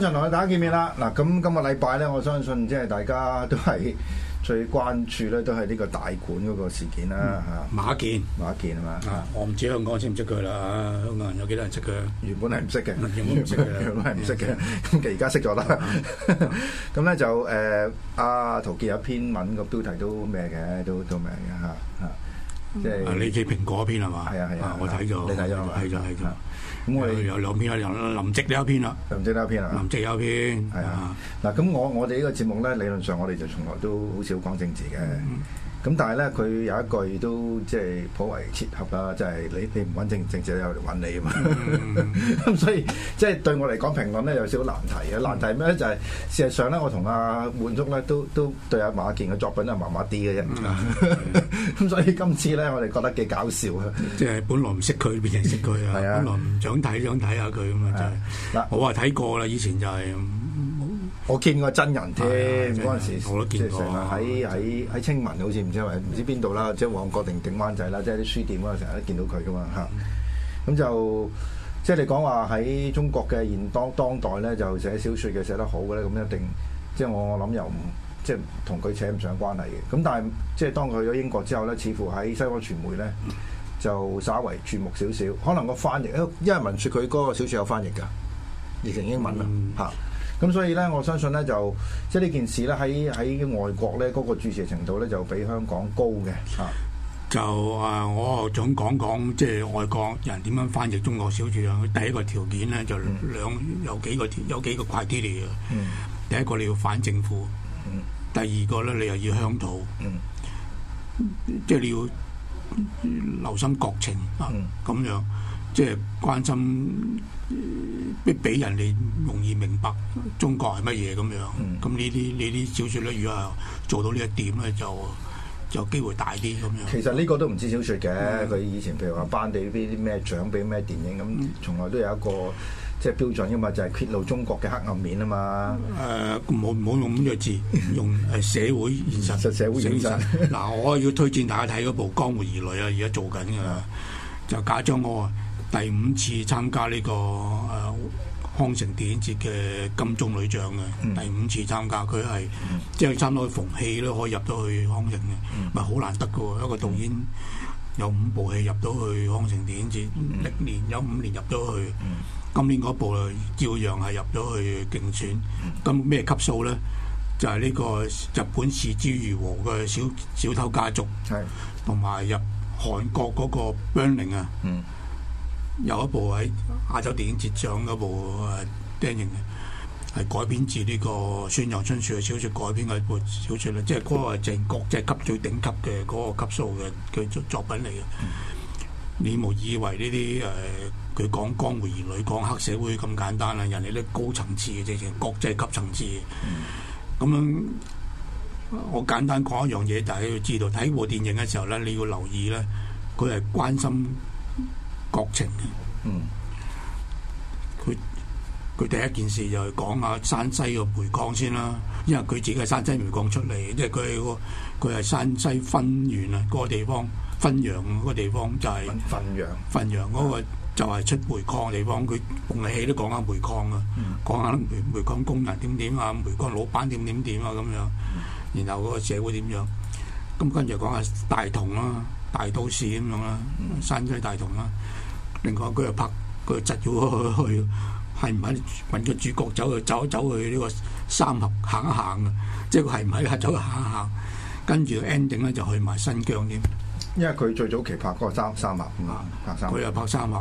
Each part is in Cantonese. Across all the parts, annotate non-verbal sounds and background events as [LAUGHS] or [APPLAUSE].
長同大家見面啦。嗱，咁今日禮拜咧，我相信即係大家都係最關注咧，都係呢個大館嗰個事件啦。嚇、嗯，馬建，馬建啊嘛。啊，我唔知香港識唔識佢啦。香港人有幾多人識佢、嗯？原本係唔識嘅，原本唔、嗯、識嘅，都係唔識嘅。咁而家識咗啦。咁咧就誒，阿、啊、陶傑有一篇文嘅標題都咩嘅，都都咩嘅嚇嚇。即係你借蘋果一篇係嘛？係啊係啊，我睇咗，你睇咗係咗。係咁，我有兩篇啊，林夕呢一篇林夕呢一篇啦，林夕有一篇係啊。嗱，咁我我哋呢個節目咧，理論上我哋就從來都好少講政治嘅。咁但係咧，佢有一句都即係頗為切合啦，即係你你唔揾政治，政治又嚟揾你啊嘛，咁、 [LAUGHS] 嗯嗯、 [LAUGHS] 所以即係、就是、對我嚟講評論咧有少少難題啊！嗯、難題咩就係、是、事實上咧，我同阿滿足咧都都對阿馬健嘅作品係麻麻啲嘅啫，咁、嗯嗯、 [LAUGHS] 所以今次咧我哋覺得幾搞笑啊！即係本來唔識佢變成識佢啊，本來唔想睇想睇下佢咁嘛。就係嗱，我話睇過啦，以前就係、是。我見過真人添，嗰陣、啊、時即係成日喺喺喺青文好，好似唔知喺唔知邊度啦，即係旺角定鼎灣仔啦，即係啲書店嗰度成日都見到佢噶嘛嚇。咁、嗯嗯、就即係你講話喺中國嘅現當當代咧，就寫小説嘅寫得好嘅咧，咁一定即係我我諗又唔即係同佢扯唔上關係嘅。咁但係即係當佢去咗英國之後咧，似乎喺西方傳媒咧就稍為注目少少。可能個翻譯，因為文説佢嗰個小説有翻譯噶，譯成英文啦嚇。嗯嗯。咁所以咧，我相信咧就即係呢件事咧，喺喺外國咧，嗰、那個注視程度咧就比香港高嘅。啊，就啊、呃，我想講講，即係外國人點樣翻譯中國小説啊。佢第一個條件咧就兩有幾個有幾個 criteria 嘅。第一個你要反政府。第二個咧你又要鄉土。嗯，即係你要留心國情啊，咁、嗯、樣。即係關心，必俾人哋容易明白中國係乜嘢咁樣，咁呢啲呢啲小説咧，如果係做到呢一點咧，就就機會大啲咁樣。其實呢個都唔知小説嘅，佢以前譬如話頒啲啲咩獎俾咩電影咁，從來都有一個即係標準噶嘛，就係揭露中國嘅黑暗面啊嘛。誒，冇冇用呢隻字，用係社會現實，實社會現實。嗱，我要推薦大家睇嗰部《江湖兒女》啊，而家做緊㗎，就賈樟柯。啊。第五次參加呢個誒康城電影節嘅金棕櫚獎嘅，第五次參加佢係即係參加逢戲都可以入到去康城嘅，咪好難得嘅一個導演有五部戲入到去康城電影節，歷年有五年入到去，今年嗰部照樣係入咗去競選。咁咩級數咧？就係呢個日本《是枝裕和》嘅《小小偷家族》，同埋入韓國嗰個《Burning》啊。有一部喺亞洲電影節上嗰部誒電影嘅，係改編自呢個《村上春樹》嘅小説改編嘅一部小説咧，即係嗰個係國際級最頂級嘅嗰個級數嘅嘅作作品嚟嘅。你冇以為呢啲誒，佢講江湖兒女，講黑社會咁簡單啦，人哋啲高層次嘅啫，國際級層次。咁樣我簡單講一樣嘢，大家要知道睇部電影嘅時候咧，你要留意咧，佢係關心國情嗯，佢佢第一件事就係講下山西個煤礦先啦，因為佢自己係山西煤礦出嚟，即係佢個佢係山西汾陽啊個地方，汾陽個地方就係汾汾陽，汾陽嗰個就係出煤礦嘅地方，佢共逢係都講下煤礦啊，嗯、講下煤煤礦工人點點啊，煤礦老闆點點點啊咁樣，點樣，點樣，樣，然後個社會點樣，樣，咁跟住講下大同啦。大都市咁樣啦，山西大同啦。另外佢又拍佢窒咗去，係唔係揾個主角走去走一走去呢個三峽行一行嘅，即係佢係唔係黑走行一行。跟住 ending 咧就去埋新疆添。因為佢最早期拍嗰個三三峽，佢又拍三峽，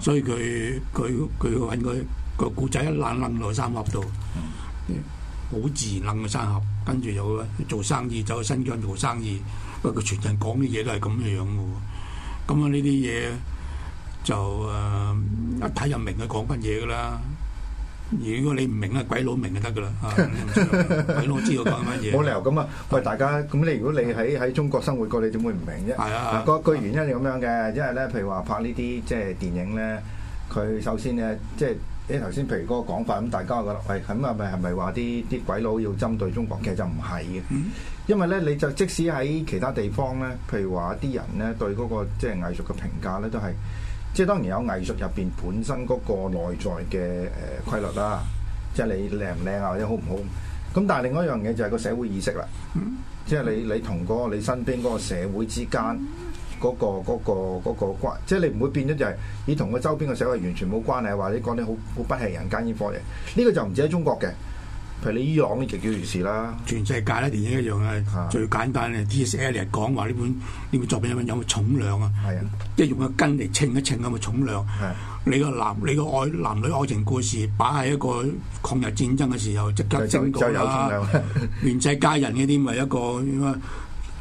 所以佢佢佢揾佢個古仔一冷冧落三峽度，好自然冧個三峽。跟住就做生意，走去新疆做生意。不過佢全人講啲嘢都係咁樣樣嘅喎，咁啊呢啲嘢就誒一睇人明佢講乜嘢嘅啦。如果你唔明啊，鬼佬明就得嘅啦。鬼佬知道講乜嘢。冇理由咁啊！喂，大家咁你如果你喺喺中國生活過，你點會唔明啫？係啊，嗰、啊、個原因係咁樣嘅，因為咧，譬如話拍呢啲即係電影咧，佢首先咧即係。即係你頭先譬如嗰個講法，咁大家覺得，喂，咁啊，咪係咪話啲啲鬼佬要針對中國？其實就唔係嘅，因為咧，你就即使喺其他地方咧，譬如話啲人咧對嗰個即係藝術嘅評價咧，都係即係當然有藝術入邊本身嗰個內在嘅誒規律啦、啊，即係你靚唔靚啊，或者好唔好咁。咁但係另外一樣嘢就係個社會意識啦，嗯、即係你你同嗰個你身邊嗰個社會之間。嗰、那個嗰、那個嗰、那個即係你唔會變咗就係你同個周邊嘅社會完全冇關係，或者講啲好好不繫人間煙火嘢。呢、這個就唔止喺中國嘅，譬如你依樣嘢叫如是啦，全世界咧電影一樣啊，的最簡單啊，T.S.L. 日講話呢本呢本作品有冇重量啊？係啊，即係用個根嚟稱一稱咁嘅重量。你個男你個愛男女愛情故事擺喺一個抗日戰爭嘅時候，即刻增加量。全 [LAUGHS] 世界人呢啲咪一個。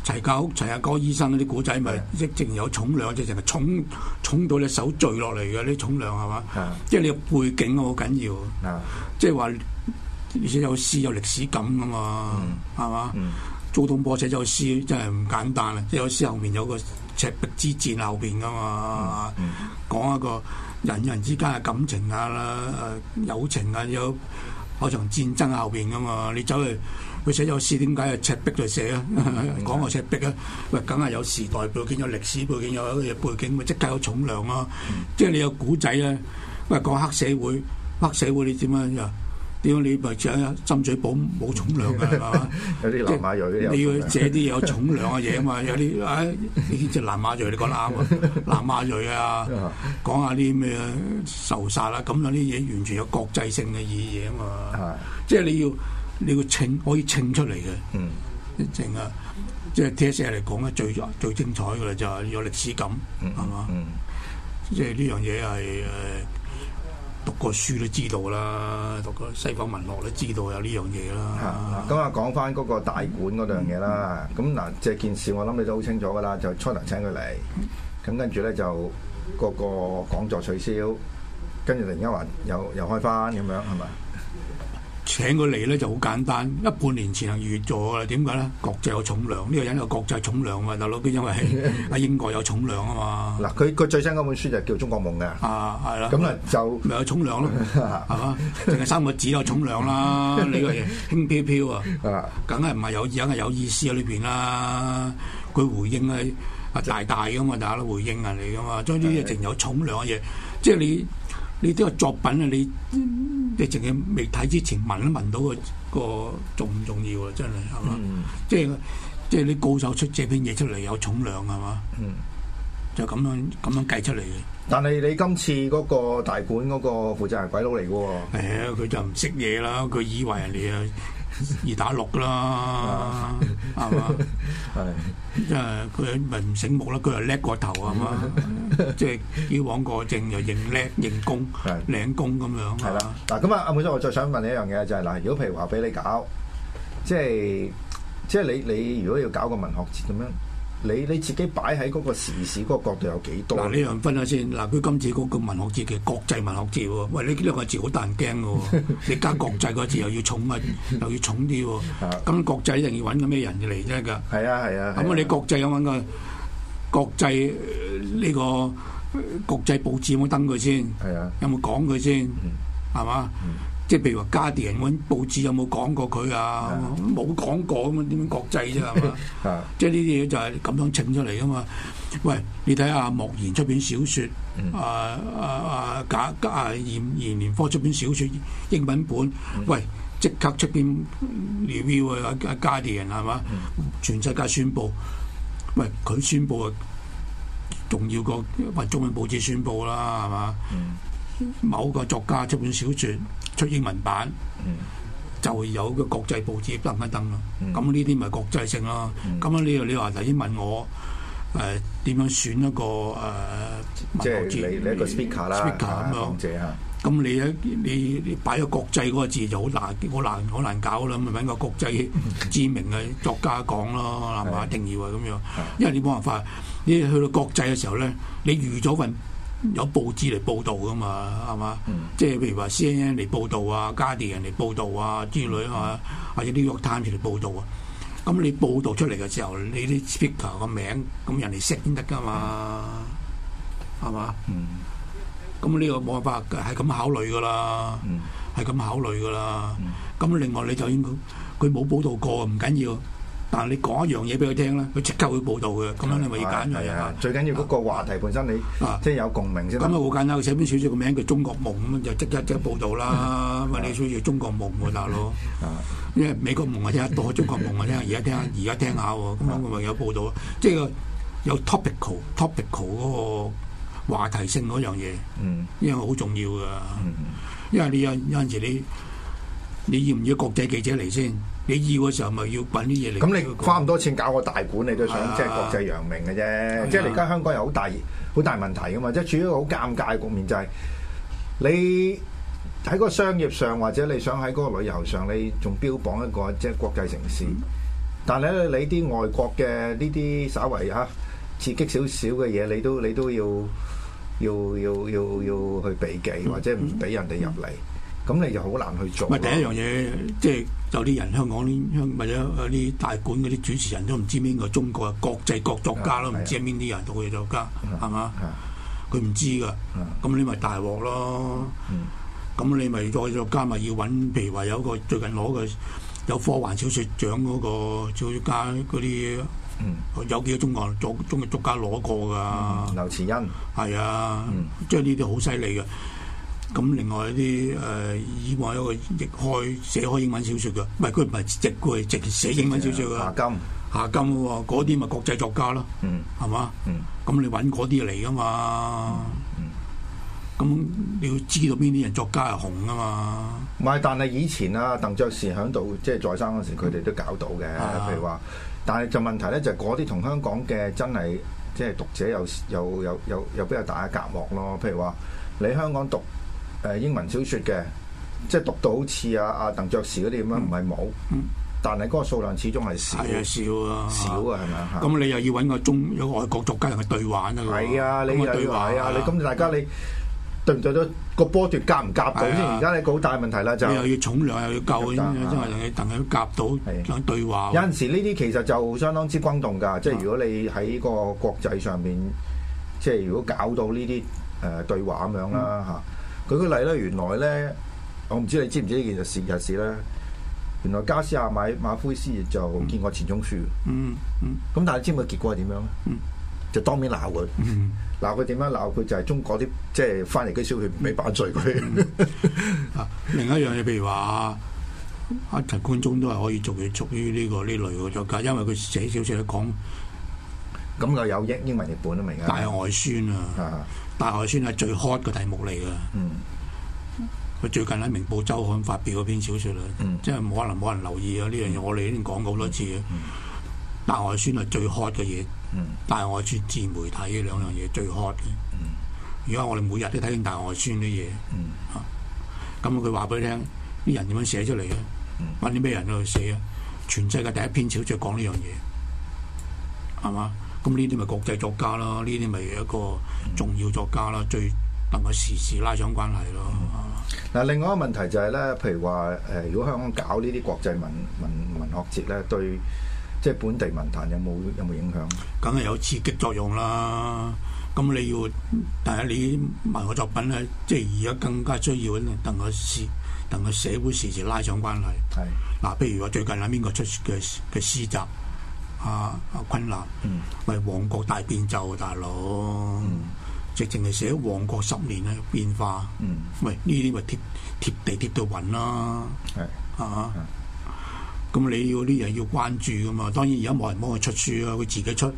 齊家屋、齊阿哥、醫生嗰啲古仔，咪一直有重量，即係重重到你手墜落嚟嘅啲重量，係嘛？即係的你個背景好緊要，的即係話而且有詩有歷史感嘅嘛，係嘛？蘇東坡寫有詩真係唔簡單啊！即係有詩後面有個赤壁之戰後面嘅嘛，嗯嗯、講一個人人之間嘅感情啊啦、啊啊啊、友情啊，有嗰場戰爭戰後面嘅嘛、啊，你走去。佢寫有詩點解啊？赤壁就寫啊，講個赤壁啊，喂，梗係有時代背景，有歷史背景，有啲嘢背景，咪即刻有重量咯。即係你有古仔咧，喂，講黑社會，黑社會你點樣又點樣？你咪張心嘴補冇重量㗎，係嘛？有啲南亞裔，你要寫啲有重量嘅嘢啊嘛。有啲唉，呢隻南亞裔你講得啱啊，南亞裔啊，講下啲咩啊，仇殺啦，咁樣啲嘢完全有國際性嘅意義啊嘛。係，即係你要。你個稱可以稱出嚟嘅，嗯、mm.，淨啊，即係 T.S.A 嚟講咧，最最精彩嘅啦，就係有歷史感，係嘛、mm.？即係呢樣嘢係誒讀過書都知道啦，讀過西方文學都知道有呢樣嘢啦。咁啊，講翻嗰個大館嗰樣嘢啦。咁嗱，即係件事，我諗你都好清楚噶啦，就初頭請佢嚟，咁跟住咧就、那個個講座取消，跟住另一環又又，又開翻咁樣，係咪？請佢嚟咧就好簡單，一半年前就預咗啦，點解咧？國際有重量，呢、這個人有國際重量啊嘛！嗱，大佬因為喺英國有重量啊嘛，嗱佢佢最新嗰本書就叫《中國夢》嘅、啊，啊係啦，咁啊就咪有重量咯，係嘛 [LAUGHS] ？淨係三個字有重量啦，呢個嘢輕飄飄啊，梗係唔係有，意，梗係有意思喺裏邊啦。佢回應阿阿大大噶嘛，大家都回應人嚟噶嘛，將啲嘢淨有重量嘅嘢，即係你。你啲個作品啊，你即係仲未睇之前聞都聞到，個個重唔重要啊！真係係嘛，即係即係你高手出借篇嘢出嚟有重量係嘛？嗯， [NOISE] 就咁樣咁樣計出嚟嘅。但係你今次嗰個大館嗰個負責人鬼佬嚟嘅喎。啊，佢、 [NOISE] 欸、就唔識嘢啦，佢以為人哋啊二打六啦，係嘛係，即係佢咪唔醒目啦，佢又叻過頭係嘛。 [NOISE] [NOISE] [NOISE] 即係以往過正又認叻認功，係領功咁樣係啦。嗱咁啊，阿梅生，我再想問你一樣嘢就係嗱，如果譬如話俾你搞，即係即係你你如果要搞個文學節咁樣，你你自己擺喺嗰個時事嗰個角度有幾多？嗱呢樣分下先。嗱佢今次嗰個文學節嘅國際文學節喎，喂呢兩個字好得人驚嘅喎，你加國際個字又要重啊，又要重啲喎。咁國際一定要揾個咩人嚟啫㗎？係啊係啊。咁啊，你國際要揾個？國際呢個國際報紙有冇登佢先？係啊，有冇講佢先？係嘛？即係譬如話加田人，啲報紙有冇講過佢啊？冇講過咁啊，點樣國際啫？係嘛？即係呢啲嘢就係咁樣請出嚟啊嘛！喂，你睇下莫言出邊小説，啊啊啊，賈啊閻閻連科出邊小説英文本，喂，即刻出邊 review 啊，加加田人係嘛？全世界宣佈。佢宣佈重要個，中文報紙宣佈啦，係嘛？嗯、某個作家出本小説出英文版，嗯、就有個國際報紙登一登咯，啊。咁呢啲咪國際性咯？咁樣、嗯、你你話頭先問我誒點、呃、樣選一個誒？呃、即係你文你一個 speaker 啦，講者啊。咁你咧，你你擺個國際嗰個字就好難，好難，好難搞啦！咪揾個國際知名嘅作家講咯，係嘛 [LAUGHS] 吧？一定要啊咁樣，吧吧因為你冇辦法，你去到國際嘅時候咧，你預咗份有報紙嚟報導噶嘛，係嘛？即係譬如話 C N N 嚟報導啊，加啲人嚟報導啊之類啊，嗯、或者 New York Times》嚟報導啊。咁你報導出嚟嘅時候，你啲 speaker 個名咁人哋識先得噶嘛，係嘛？嗯。嗯嗯咁呢個冇辦法，係咁考慮噶啦，係咁考慮噶啦。咁另外你就應該佢冇報道過唔緊要，但係你講一樣嘢俾佢聽啦，佢即刻會報道嘅。咁樣你咪要揀咗。最緊要嗰個話題本身你即係有共鳴先。咁啊好簡單，寫篇小說個名叫中國夢咁就即刻即刻報道啦。咁你需要中國夢咪得咯，因為美國夢啊聽得多，中國夢啊聽下而家聽下而家聽下喎。咁佢咪有報道，即係有 topical topical 嗰個。話題性嗰樣嘢，嗯、因為好重要噶。嗯、因為你有有陣時你你要唔要國際記者嚟先？你要嘅時候咪要揾啲嘢嚟。咁你花咁多錢搞個大館，你都想即係、啊、國際揚名嘅啫。即係而家香港又好大好大問題啊嘛！即係處於一個好尷尬局面就係、是、你喺個商業上或者你想喺嗰個旅遊上，你仲標榜一個即係、就是、國際城市，嗯、但係你啲外國嘅呢啲稍微嚇刺激少少嘅嘢，你都你都，你都要。要要要要去避忌，或者唔俾人哋入嚟，咁、嗯、你就好難去做。咪第一樣嘢，即、就、係、是、有啲人香港啲，或者有啲大館嗰啲主持人，都唔知邊個中國啊，國際國作家咯，唔、啊、知係邊啲人到嘢作家，係嘛？佢唔知噶，咁、啊、你咪大鑊咯。咁、啊、你咪再作家咪要揾，譬如話有個最近攞嘅有科幻小説獎嗰個小説家嗰啲嗯，有幾多中國中中嘅作家攞過噶？劉、嗯、慈欣係啊，即係呢啲好犀利嘅。咁另外啲誒、呃，以往有一個譯開寫開英文小說嘅，唔係佢唔係直句直寫英文小說噶。夏金夏金喎，嗰啲咪國際作家咯、嗯，嗯，係嘛，咁你搵嗰啲嚟噶嘛，咁你要知道邊啲人作家係紅噶嘛？唔係、嗯，但係以前啊，鄧爵士喺度即係在生嗰時，佢哋都搞到嘅，譬如話。但係就問題咧，就嗰啲同香港嘅真係即係讀者有有有有有比較大嘅隔膜咯。譬如話，你香港讀誒、呃、英文小說嘅，即係讀到好似阿阿鄧爵士嗰啲咁樣，唔係冇，嗯、但係嗰個數量始終係少，係係少，少的啊，少啊吧，係咪啊？咁你又要揾個中有外國作家嚟對話啊？係啊，你又係啊，啊你咁大家你。嗯嗯對唔對到個波段夾唔夾到先？而家你個好大問題啦，就你又要重量又要夠咁樣，先係同等佢夾到，想對話。有陣時呢啲其實就相當之轟動㗎，即係如果你喺個國際上面，即係如果搞到呢啲誒對話咁樣啦嚇。舉個例啦，原來咧，我唔知你知唔知呢件事事咧？原來加斯亞買馬奎斯就見過錢鍾書。嗯嗯。咁但係你知唔知結果係點樣咧？嗯。就當面鬧佢，鬧佢，點樣鬧佢？就係中國啲即係翻嚟啲小説咪把罪佢。嗯、 [LAUGHS] 另一樣嘢，譬如話阿陳冠中都係可以屬於屬於呢個呢類嘅作家，因為佢寫小説講咁就有英文，因為日本都明嘅。大外宣啊，嗯、大外宣係最 hot 嘅題目嚟㗎。佢、嗯、最近喺《明報周刊》發表嗰篇小説啦，嗯、即係冇可能冇人留意啊！呢樣嘢我哋已經講過好多次啊。嗯大外宣係最 hot 嘅嘢，大外宣、自媒體呢兩樣嘢最 hot 嘅。而家我哋每日都睇緊大外宣啲嘢，咁佢話俾你聽，啲人點樣寫出嚟嘅、啊？啲咩人去寫啊？全世界第一篇小說就講呢樣嘢，係嘛？咁呢啲咪國際作家啦，呢啲咪一個重要作家啦，嗯、最能夠時事拉上關係咯。嗱、嗯啊，另外一個問題就係、是、咧，譬如話誒、呃，如果香港搞呢啲國際文文文，文學節咧，對？即係本地文壇有冇有冇影響？梗係有刺激作用啦！咁你要但係，你文學作品咧，即係而家更加需要等同事同我社會時時拉上關係。係嗱是，譬、啊、如話最近喺邊個出嘅嘅詩集？阿、啊、阿昆南，咪、嗯《旺角大變奏》，大佬，直情係寫旺角十年嘅變化。嗯、喂，呢啲咪貼貼地貼到暈啦！係是啊！咁你要啲人要關注噶嘛？當然而家冇人幫佢出書啊，佢自己出。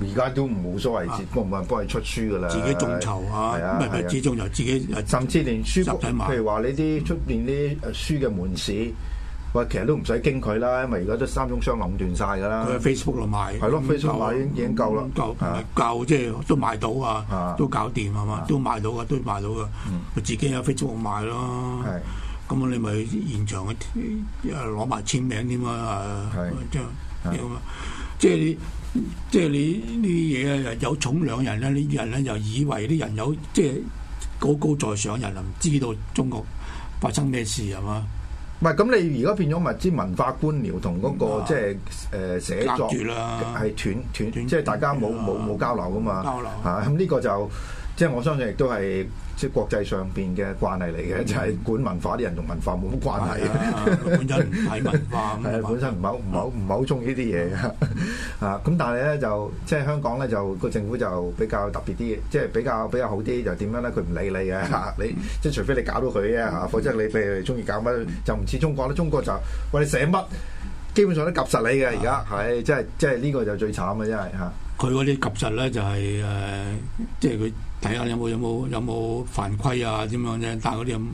而家都唔冇所謂，唔唔係幫佢出書噶啦。自己眾籌啊，咪咪自眾籌自己。甚至連書埋。譬如話呢啲出邊啲書嘅門市，喂，其實都唔使驚佢啦，因為而家都三中商壟斷晒噶啦。佢喺 Facebook 度賣，係咯，Facebook 已經夠啦，夠夠即係都賣到啊，都搞掂係嘛？都賣到啊，都賣到噶。佢自己喺 Facebook 賣咯。係。咁你咪現場攞埋簽名添嘛？張啲，啊、即係你即係你呢啲嘢咧，有重量人咧，啲人咧就以為啲人有即係高高在上人唔知道中國發生咩事係嘛？唔係咁你而家變咗物資文化官僚同嗰，嗰個即係誒寫作係斷斷，斷，斷即係大家冇冇冇交流噶嘛交流嚇咁呢個就。即係我相信亦都係即係國際上邊嘅慣例嚟嘅，就係管文化啲人同文化冇乜關係。本身唔係文化，本身唔係好唔係好唔係好中意呢啲嘢啊！咁但係咧就即係香港咧就個政府就比較特別啲，即係比較比較好啲，就點樣咧？佢唔理你嘅嚇，你即係除非你搞到佢啊，否則你譬如中意搞乜就唔似中國啦。中國就話你寫乜，基本上都夾實你嘅。而家係即係即係呢個就最慘嘅，真係嚇。佢嗰啲夾實咧就係誒，即係佢。睇下有冇有冇有冇犯規啊？點樣啫？但係嗰啲唔，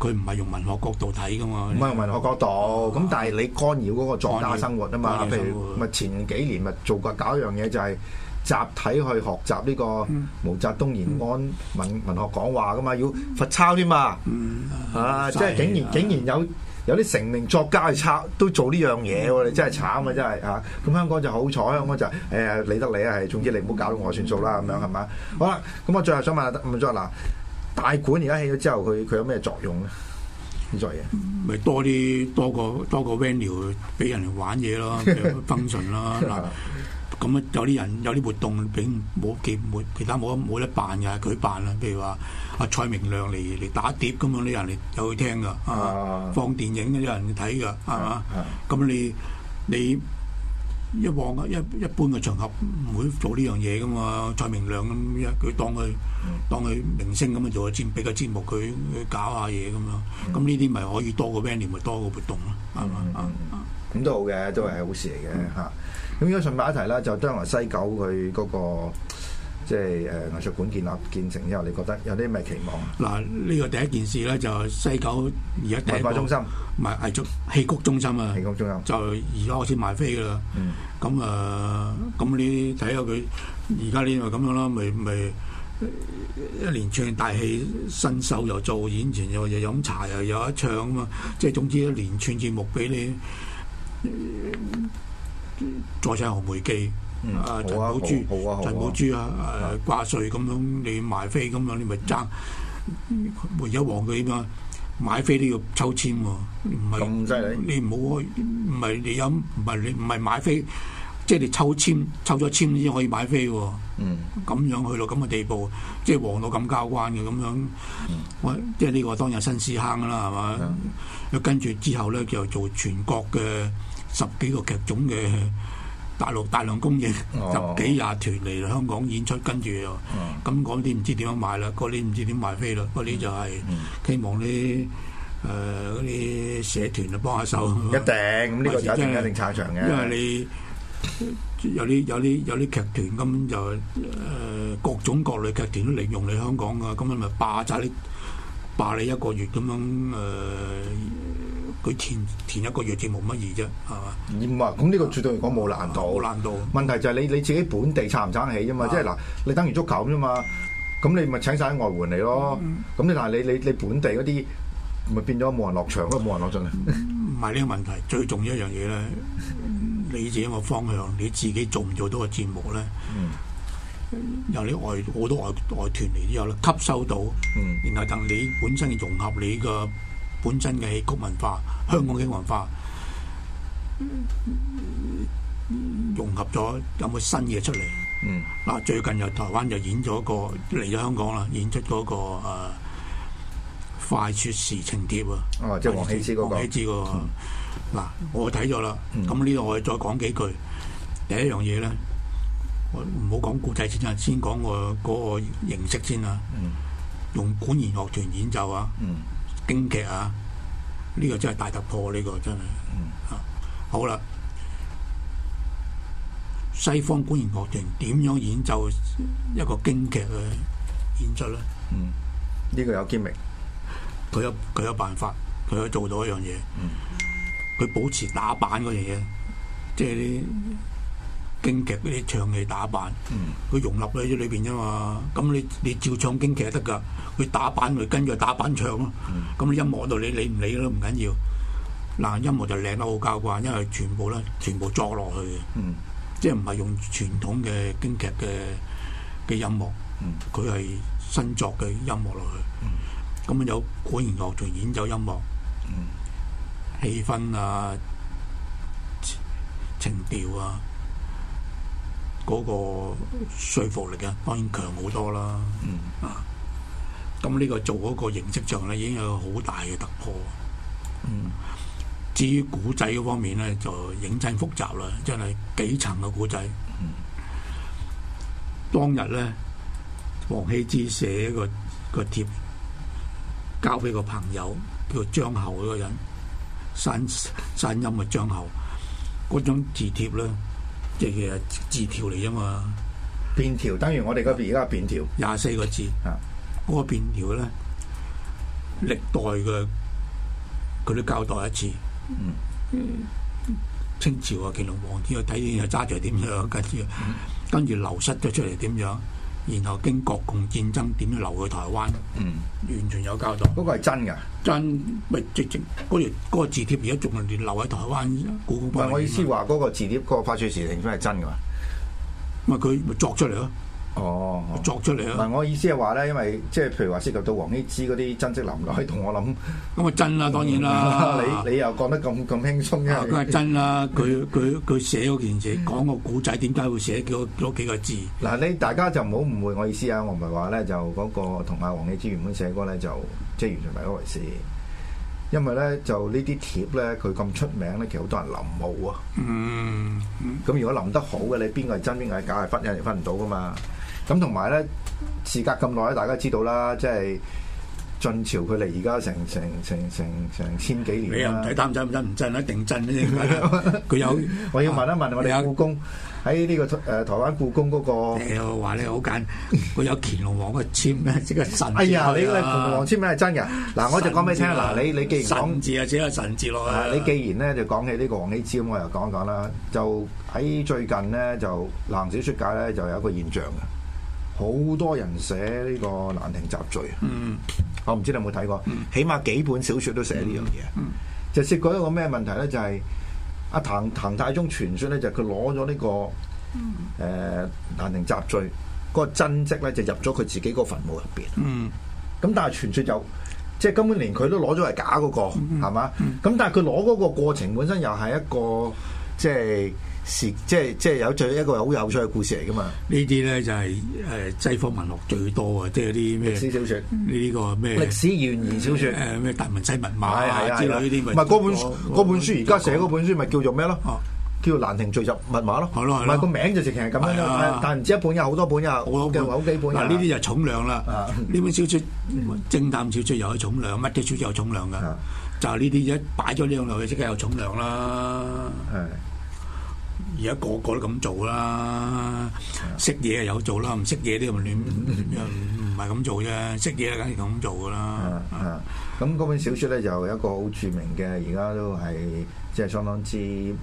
佢唔係用文學角度睇噶嘛。唔係用文學角度，咁、啊、但係你干擾嗰個作家生活啊嘛？譬擾如咪前幾年咪做過搞一樣嘢，就係集體去學習呢個毛澤東延安文、嗯、文學講話噶嘛，要罰抄添嘛、嗯。啊，啊啊啊即係竟然竟然有。有啲成名作家去抄都做呢樣嘢喎！你真係慘啊！真係嚇咁香港就好彩，香港就誒、哎、理得你啊！係，總之你唔好搞到我算數啦、啊、咁樣，係嘛？好啦，咁、啊、我最後想問下吳卓嗱，大館而家起咗之後，佢佢有咩作用咧？吳作業咪多啲多個多個 venue 俾人玩嘢咯 function 啦嗱。 [LAUGHS] [LAUGHS] 咁有啲人有啲活動並冇幾冇其他冇冇得辦嘅，係佢辦啦。譬如話阿蔡明亮嚟嚟打碟咁樣，啲人嚟有去聽噶，放電影，啲人睇噶，係嘛？咁你你一往一一般嘅場合唔會做呢樣嘢噶嘛？蔡明亮咁，佢當佢當佢明星咁啊，做個節俾個節目，佢佢搞下嘢咁樣。咁呢啲咪可以多個 venue，咪多個活動咯，係嘛？咁都好嘅，都係好事嚟嘅嚇。咁樣順便一提啦，就將來西九佢嗰個即係誒藝術館建立建成之後，你覺得有啲咩期望啊？嗱，呢個第一件事咧就西九而家文化中心，埋藝術戲曲中心啊，戲曲中心就而家開始賣飛㗎啦。咁啊，咁你睇下佢而家呢個咁樣啦，咪咪一連串大戲，新秀又做演員又又飲茶又有一唱啊嘛，即係總之一連串節目俾你。再世紅梅記，阿陳寶珠，陳寶珠啊，掛帥咁樣，你買飛咁樣，你咪爭，唯有黃佢嘛，買飛都要抽籤喎，唔係你唔好，唔係你有唔係你唔係買飛，即係你抽籤，抽咗籤先可以買飛，嗯，咁樣去到咁嘅地步，即係黃到咁交關嘅咁樣，我即係呢個當日新師坑啦，係嘛，跟住之後咧就做全國嘅。十幾個劇種嘅大陸大量供應，十幾廿團嚟香港演出，哦、跟住咁嗰啲唔知點樣賣啦，嗰啲唔知點賣飛啦，嗰啲就係希望啲誒嗰啲社團啊幫下手、嗯。一定咁呢個一定一定撐場嘅，嗯、因為你有啲有啲有啲劇團咁就誒、呃、各種各類劇團都利用你香港啊，咁樣咪霸炸你霸你一個月咁樣誒。呃佢填填一個弱點冇乜嘢啫，係嘛？唔啊、嗯，咁呢個絕對嚟講冇難度，冇難度、嗯。嗯嗯、問題就係你你自己本地撐唔撐起啫嘛？嗯、即係嗱，你等完足球咁啫嘛，咁你咪請晒外援嚟咯。咁、嗯嗯、但係你你你本地嗰啲，咪變咗冇人落場，嗰冇人落陣嘅。唔係呢個問題，最重要一樣嘢咧，你自己個方向，你自己做唔做到個節目咧？嗯、由你外好多外外、外團嚟都有咧，吸收到、嗯，然後等你本身融合你個本身嘅戲曲文化，香港嘅文化、嗯、融合咗有冇新嘢出嚟？嗯，嗱，最近又台灣就演咗個，嚟咗香港啦，演出嗰個誒、呃《快雪時晴帖》啊，哦，即係王羲之，王羲之嗱，我睇咗啦，咁呢度我再講幾句。第一樣嘢咧，我唔好講故仔先啊，先講我嗰個形式先啊。用管弦樂團演奏啊。嗯。京劇啊，呢、這個真係大突破，呢、這個真係。嗯、啊，好啦，西方管弦樂團點樣演奏一個京劇嘅演出咧？嗯，呢、這個有揭秘，佢有佢有辦法，佢有做到一樣嘢。佢、嗯、保持打扮嗰樣嘢，即係啲京劇嗰啲唱戲打扮。佢、嗯、融入喺咗裏邊啫嘛，咁你你照唱京劇就得噶。佢打板，佢跟住打板唱咯，咁、嗯、音樂度你理唔理都唔緊要，嗱，音樂就靚得好交關，因為全部咧全部作落去嘅，嗯、即係唔係用傳統嘅京劇嘅嘅音樂，佢係、嗯、新作嘅音樂落去，咁、嗯、有管弦樂同演奏音樂，嗯、氣氛啊情調啊嗰、嗰個說服力啊，當然強好多啦，啊、嗯！嗯咁呢個做嗰個形式上咧已經有好大嘅突破。嗯，至於古仔嗰方面咧，就影真複雜啦，真係幾層嘅古仔。嗯，當日咧，王羲之寫一個一個帖，交俾個朋友叫做張侯嗰個人，山山陰嘅張侯。嗰張字帖咧，即係字條嚟啫嘛，便條，等於我哋嗰邊而家便條，廿四個字。啊。嗰個便條咧，歷代嘅佢都交代一次，嗯，嗯，清朝啊乾隆皇帝啊，睇住又揸住點樣，跟住跟住流失咗出嚟點樣，然後經國共戰爭點樣流去台灣，嗯，完全有交代，嗰、嗯嗰個係真嘅，真咪即即嗰條個字帖而家仲係留喺台灣古啫，唔係我意思話嗰個字帖、嗰個發出時係真㗎嘛，咪佢咪作出嚟咯。哦，我作出嚟啊。嗱，我意思係話咧，因為即係譬如話涉及到王羲之嗰啲真跡流落同我諗咁啊真啦，當然啦！你你又講得咁咁輕鬆嘅？梗係真啦！佢佢佢寫嗰件事，講個古仔，點解會寫咗咗幾個字？嗱，你大家就唔好誤會我意思啊！我唔係話咧就嗰同阿王羲之原本寫嗰咧就即係完全唔係一回事。因為咧就呢啲貼咧佢咁出名咧，其實好多人臨摹啊。咁如果臨得好嘅，你邊個係真邊個係假係分一嚟分唔到噶嘛？咁同埋咧，事隔咁耐，大家知道啦，即係晉朝佢離而家成成成成成千幾年啦。睇唔真唔真唔真一定真。佢有， [LAUGHS] 我要問一問我哋說故宮喺呢個誒台灣故宮嗰個。我、呃、話、那個哎、你好簡，佢有乾隆皇嘅簽咧，即係神、啊。哎呀，你你乾隆皇簽名係真嘅。嗱、啊，我就講俾你聽。嗱，你你既然神字啊，寫個神字落去。你既然咧就講起呢個皇帝簽，我又講一講啦。就喺最近咧，就南小出界咧，就有一個現象嘅。好多人寫呢個《蘭亭集序》啊、mm，hmm. 我唔知你有冇睇過，mm hmm. 起碼幾本小說都寫呢樣嘢。Mm hmm. 就涉及一個咩問題呢？就係、是、阿、啊、唐唐太宗傳說呢，就佢攞咗呢個誒《蘭亭集序》個真迹呢就入咗佢自己個墳墓入邊。咁、mm hmm. 但係傳說就即係、就是、根本連佢都攞咗係假嗰、那個，係嘛、mm？咁、hmm. 但係佢攞嗰個過程本身又係一個即係。就是就是即係即係有最一個好有趣嘅故事嚟噶嘛？呢啲咧就係誒西方文學最多啊，即係啲咩歷史小説，呢個咩歷史懸疑小説，誒咩達文西密碼之類呢啲，唔係嗰本嗰本書而家寫嗰本書，咪叫做咩咯？叫《蘭亭序集密碼》咯。係咯係咯。個名就直情係咁樣，但唔知一本有好多本有，我好幾本。嗱呢啲就重量啦。呢本小説偵探小説又有重量，乜嘢書都有重量噶，就係呢啲一擺咗呢樣落去，即刻有重量啦。係。而家個個都咁做啦，識嘢啊有做啦，唔識嘢都咪亂，唔唔係咁做啫。識嘢梗係咁做噶啦。啊、嗯，咁、嗯、嗰本小説咧就有一個好著名嘅，而家都係即係相當之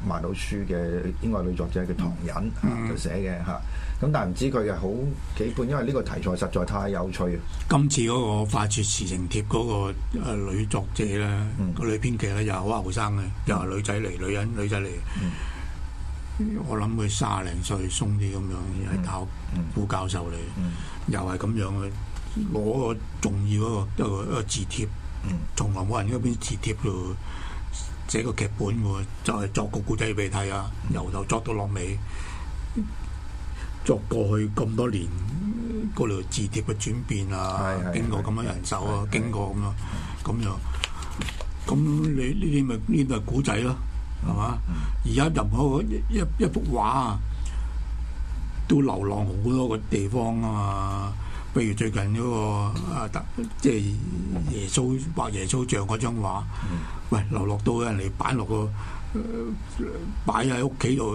賣到書嘅應該女作者叫唐寅、啊，就寫嘅嚇。咁、啊、但係唔知佢嘅好幾本，因為呢個題材實在太有趣。今次嗰、那個《花絕馳情帖》嗰、那個女作者咧，個女編劇咧又好後生嘅，又係女仔嚟，女人女仔嚟。我諗佢卅零歲鬆啲咁樣，係教副教授嚟，嗯嗯、又係咁樣嘅攞個重要嗰一個一個字貼，從來冇人喺邊字貼度寫個劇本就係、是、作個故仔俾你睇啊，由頭作到落尾，作過去咁多年嗰字貼嘅轉變啊，嗯、經過咁樣人手啊，嗯、經過咁啊，咁又咁你呢啲咪呢度係故仔咯？係嘛？而家 [MUSIC] 任何一一幅畫啊，都流浪好多個地方啊嘛。譬如最近嗰個啊，即係耶穌畫耶穌像嗰張畫，喂，流落到人哋擺落個擺喺屋企度，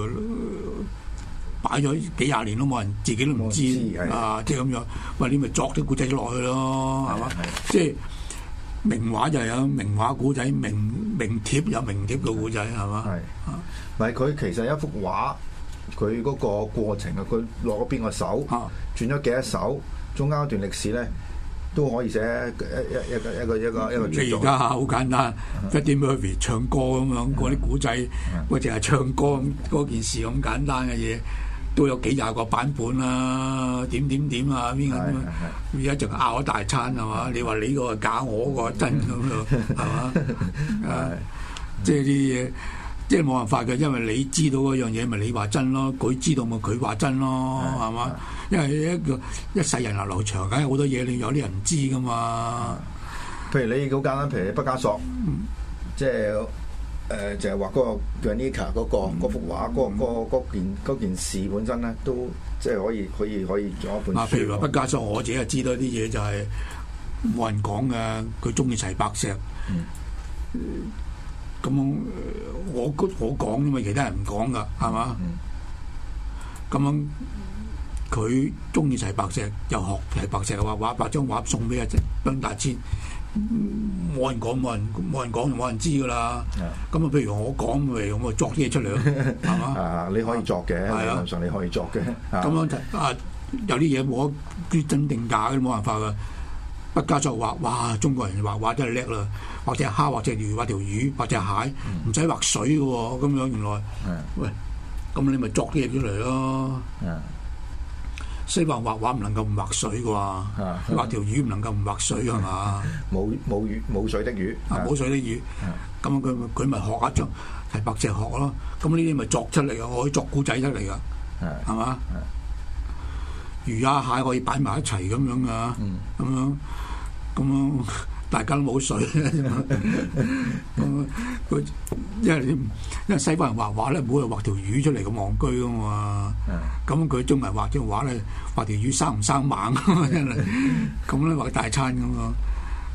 擺咗幾廿年都冇人，自己都唔知啊！即係咁樣，喂，你咪作啲古仔落去咯，係嘛？即係。名畫就有名畫古仔，名名帖有名帖老古仔，係嘛？係啊，唔係佢其實一幅畫，佢嗰個過程啊，佢落咗邊個手，轉咗幾多手，中間一段歷史咧，都可以寫一一一個一個一個一個。即係而家好簡單 Freddy Mercury 唱歌咁樣，嗰啲古仔，或者係唱歌嗰件事咁簡單嘅嘢。都有幾廿個版本啦，點點點啊，邊、啊、個？而家仲拗我大餐係嘛？你話你個假個，我個真咁咯，係嘛？啊，即係啲嘢，即係冇辦法嘅，因為你知道嗰樣嘢，咪你話真咯；佢知道咪佢話真咯，係嘛？是是是因為一個一世人流流長，梗係好多嘢你有啲人唔知噶嘛是是。譬如你好簡單，譬如畢加索，嗯、即係。誒就係話個 a n i t a 嗰個幅畫嗰個件件事本身咧，都即係可以可以可以做一本書。譬如話，不加粗，我自己又知道啲嘢就係冇人講嘅，佢中意齊白石。咁我我講因為，其他人唔講噶，係嘛？咁樣佢中意齊白石，又學齊白石嘅畫畫，把張畫送俾阿張大千。冇人講，冇人冇人講，就冇人知噶啦。咁啊，譬如我講咪，我作啲嘢出嚟咯，係嘛？啊，你可以作嘅，理論、啊、上你可以作嘅。咁、啊、樣啊，有啲嘢我啲真定假都冇辦法噶。畢家就畫，哇，中國人畫畫真係叻啦，或者係蝦，或者魚，或條魚，畫隻蟹，唔使畫水噶喎、喔。咁樣原來，Yeah. 喂，咁你咪作啲嘢出嚟咯。Yeah. 所以話，畫畫唔能夠唔畫水嘅話，畫條 [LAUGHS] 魚唔能夠唔畫水係嘛？冇冇 [LAUGHS] 吧魚冇水的魚，冇吧水的魚，咁佢佢咪學一種，係白石學咯。咁呢啲咪作出嚟嘅，我可以作古仔出嚟噶，係嘛？魚啊蟹可以擺埋一齊咁樣啊，咁樣咁樣。吧大家都冇水啊！佢因為啲因為西方人畫畫咧，唔好係畫條魚出嚟咁戇居噶嘛。咁佢 [LAUGHS] 中文畫張畫咧，畫條魚生唔生猛啊？真係咁咧，畫大餐咁啊！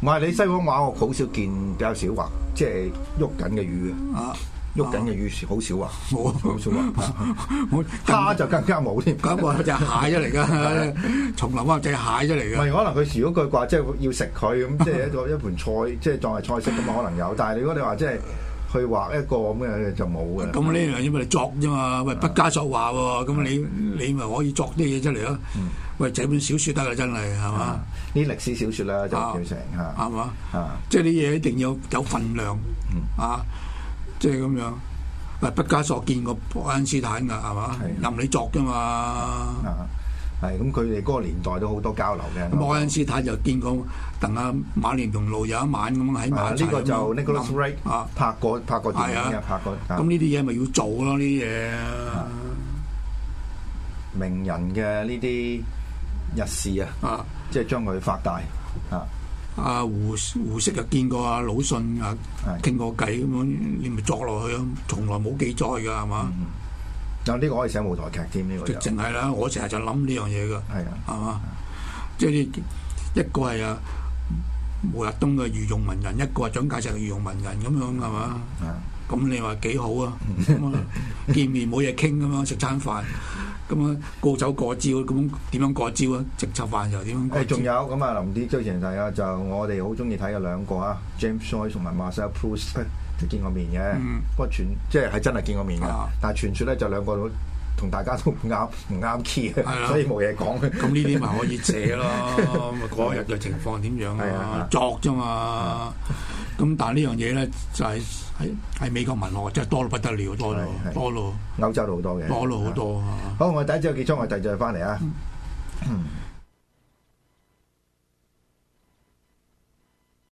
唔係 [LAUGHS] 你西方畫，我好少見，比較少畫即係喐緊嘅魚嘅。啊捉緊嘅魚好少啊，冇啊，好少啊，我加就更加冇添。咁啊，隻蟹咗嚟噶，叢林啊，隻蟹咗嚟噶。唔係可能佢時嗰句話，即係要食佢咁，即係一個一盤菜，即係作為菜式咁啊，可能有。但係如果你話即係去畫一個咁嘅，就冇嘅。咁呢樣嘢為你作啫嘛，喂，不加作畫喎。咁你你咪可以作啲嘢出嚟咯。喂，整本小說得噶，真係係嘛？啲歷史小說啦，就叫成吓，係嘛？即係啲嘢一定要有份量，啊。即係咁樣，誒畢加索見過愛因斯坦㗎係嘛？任你作㗎嘛，係咁佢哋嗰個年代都好多交流嘅。愛因斯坦就見過，等阿馬連同路有一晚咁樣喺馬，呢個就呢個 straight 啊拍過拍過電影嘅拍過。咁呢啲嘢咪要做咯，呢啲嘢。名人嘅呢啲日事啊，即係將佢發大啊。阿、啊、胡胡適又見過阿魯迅，啊傾過偈咁樣，你咪作落去啊，從來冇記載噶係嘛？啊呢、嗯、個可以寫舞台劇添，呢、這個就直情係啦！嗯、我成日就諗呢樣嘢噶，係啊，係嘛？即係一個係啊，毛澤東嘅御用文人，一個係蔣介石嘅御用文人咁樣係嘛？咁、啊嗯、你話幾好啊？咁 [LAUGHS] 見面冇嘢傾咁啊，食餐飯。咁啊，高手過招，咁點樣，樣過招啊？直插飯又點樣過？誒，仲有咁啊，林啲周前曬啊！就我哋好中意睇嘅兩個啊，James Joyce 同埋 Marcel Proust 都見過面嘅，嗯、不過傳即係係真係見過面嘅，啊、但係傳説咧就兩個都同大家都唔啱唔啱 key、啊、所以冇嘢講。咁呢啲咪可以借咯，咁啊 [LAUGHS] 日嘅情況點樣啊？作啫嘛。咁但係呢樣嘢咧，就喺喺喺美國文學真係、就係、多到不得了，多到，哎、多到得歐洲好多嘅，多到好多啊！嗯、好，我第一隻嘅結束，我第二隻翻嚟啊。嗯 [COUGHS]